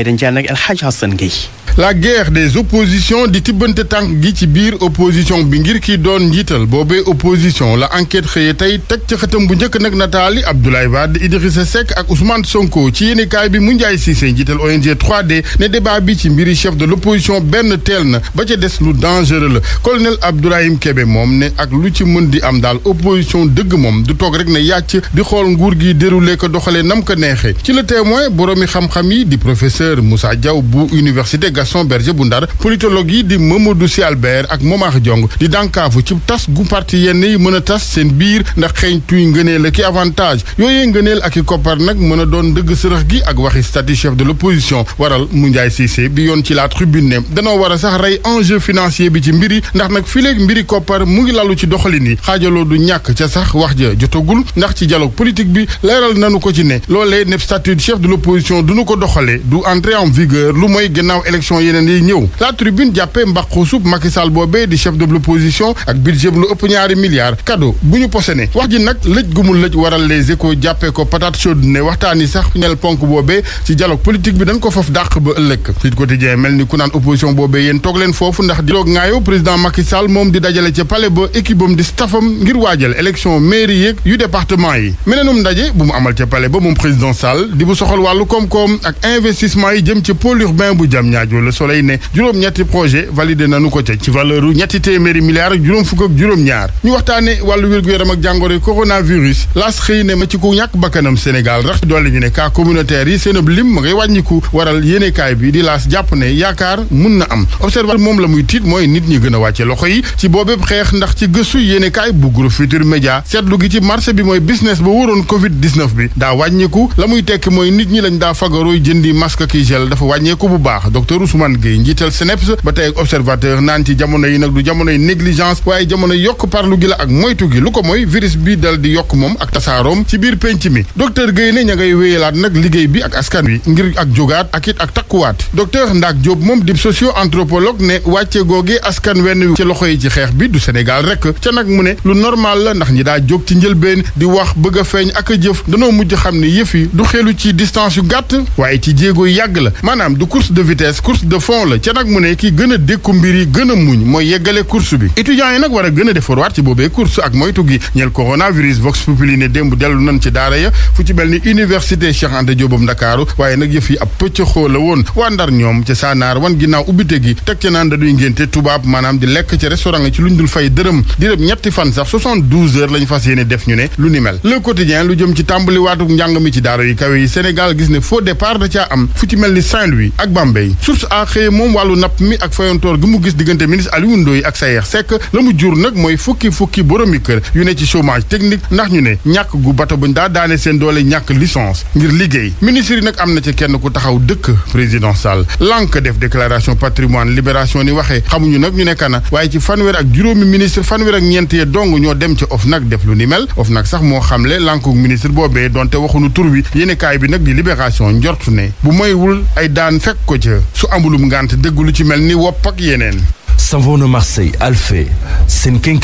dañ ci ànd ak El Hadj Hassan Guèye la guerre des oppositions di tibbante tànk gi ci biir opposition bi ngir kii doon njiital boobee opposition la enquête xëye tey teg ci xëtam bu njëkk nag nataali Abdoulaye Wade Idrissa Seck ak Ousmane Sonko ci yéenekaay bi mu njaay Cissé njiital ONG d ne débat bi ci mbiri chef de l'opposition benn teel na ba ca des lu dangereux la colonel Abdourahim Kébé moom ne ak lu ci mën di am daal opposition dëgg moom du toog rek na yàcc di xool nguur gi déroulé ko doxalee nam ko neexee ci le témoin boroomi xam-xam yi di professeur Moussa Diaw bu université Gaston Berger bu Ndar politologue yi di Mamadou Sy Albert ak Momar Diong di dànkaafu ci tas gu parti yenn yi mën a tas seen biir ndax xeeñtuy ngëneel ak i avantage yooyee ngëneel ak i koppar nag mën a doon dëgg sërëx gi ak waxi statut chef de l'opposition waral mu Ndiaye Cissé bi yoon ci la tribune ne danoo war a sax rey enjeu financier bi ci mbiri ndax nag fileeg mbiri koppar mu ngi lalu ci doxalin yi xaajaloo du ñàkk ca sax wax ja jotagul ndax ci dialogue politique bi leeral nanu ko ci ne loolee ne statut chef de l'opposition duñu ko doxalee élection yeneen yi ñëw la tribune jàppee mbaqusub Macky Sall boobee di chef de l'opposition ak budget bu lu ëpp ñaari milliards cadeau bu ñu posene wax ji nag lëj gu mu lëj waral les échos jàppee ko patate chaude ne waxtaan yi sax ñel ponk boobee ci dialogue politique bi dañ ko faf dàq ba ëllëg Sud Quotidien mel ni ku naan opposition boobee yéen toog leen foofu ndax dialogue ngaayo président Macky moom di dajale ca palais ba équipe di staffam ngir waajal élection mairie Le Soleil ne juróom-ñetti projet validé nanu ko ca ci valeur u ñetti téeméeri milliards ak juróom fukk ak juróom-ñaar ñu waxtaane wàllu wér-gu-yaram ak jàngoro coronavirus laas xëy ne ma ci ku ñàkk bakkanam Sénégal rax doole ñu ne cas communautaire yi seen ab jàpp ne yaakaar mun na am observateur moom la muy tiit mooy nit ñi gën a wàcce loxo yi ci boobéb xeex ndax ci gëstu yéenekaay bu groupe Futur Média seetlu gi ci marché bi mooy business ba wóoroon covid 19 bi daa wàññiku la muy tekki mooy nit ñi lañ daa fagarooy jëndi masque ki bu baax Ousmane Gueye njiital SNEPS ba tey observateur naan ci jamono yi nag du jamonoy négligence waaye jamono yokk parlu gi la ak moytu gi lu ko mooy virus bi dal di yokk moom ak tasaaroom ci biir penc mi docteur Gueye ne ña ngay wéyalaat nag liggéey bi ak askan wi ngir ak jógaat ak wàcce googee askan wenn ci loxo yi ci xeex bi du Sénégal rek ca nag mu ne lu normal la ndax ñi daa jóg ci njëlbeen di wax bëgg a feeñ ak a jëf danoo mujj xam ne yëf yi du xelu ci distance yu gàtt waaye ci jéego yu yàgg la maanaam du course de vitesse course de fond la ca nag mu ne ki gën a dékku mbir yi gën a muñ mooy yeggale course bi étudiants yi nag war a gën a defarwaat ci boobee course ak moytu gi ñeel coronavirus vox populi ne démb dellu nan ci daara ya fu ci mel ni université Cheikh Anta Diop Ndakaaru waaye nag yëf yi ab pëcc la woon waa Ndar ñoom ca Saanaar wan ginnaaw ubbite gi teg ca naan dañuy ngénte tubaab maanaam di lekk ci restaurant ci luñ dul fay dërëm di dem ñetti fan sax 72 heures lañ fas yéene def ñu ne lu ni mel le lu jëm ci tàmbali waatuk njàng ci daara yu kawe yi Sénégal gis ne faux départ da caa am fu ci mel ni Saint-Louis ak Bambey a xëye moom wàllu napp mi ak fayantoor gi mu gis diggante ministre Aliou Ndoye ak Sayer Seck la mu jur nag mooy fukki fukki boromi kër yu ne ci chômage technique ndax ñu ne ñàkk gu bato buñ daa daane seen doole ñàkk licence ngir liggéey ministre yi nag am na ci kenn ku taxaw dëkk président Sall lànk def déclaration patrimoine libération ni waxee xamuñu nag ñu ne kana waaye ci fanweer ak juróomi ministre fanweer ak ñeent ya dong ñoo dem ci OFNAC def lu ni mel OFNAC sax moo xamle lànku ministre boobee donte waxuñu tur wi yéenekaay bi nag di libération njortu ne bu moywul ay daan ko ca ambulum ngànt dégg lu ci mel ni wopp ak yeneen. Savon de Marseille Alphée seen